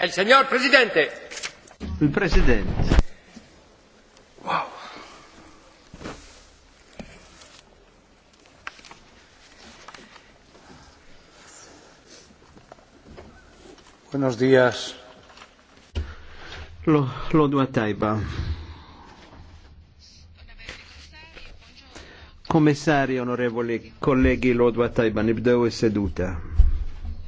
El Signor Presidente. Il Presidente. Wow. Buenos días. Lo, lo dua tajba. Komissari, onorevoli kollegi, lodwa tajba, nibdew e seduta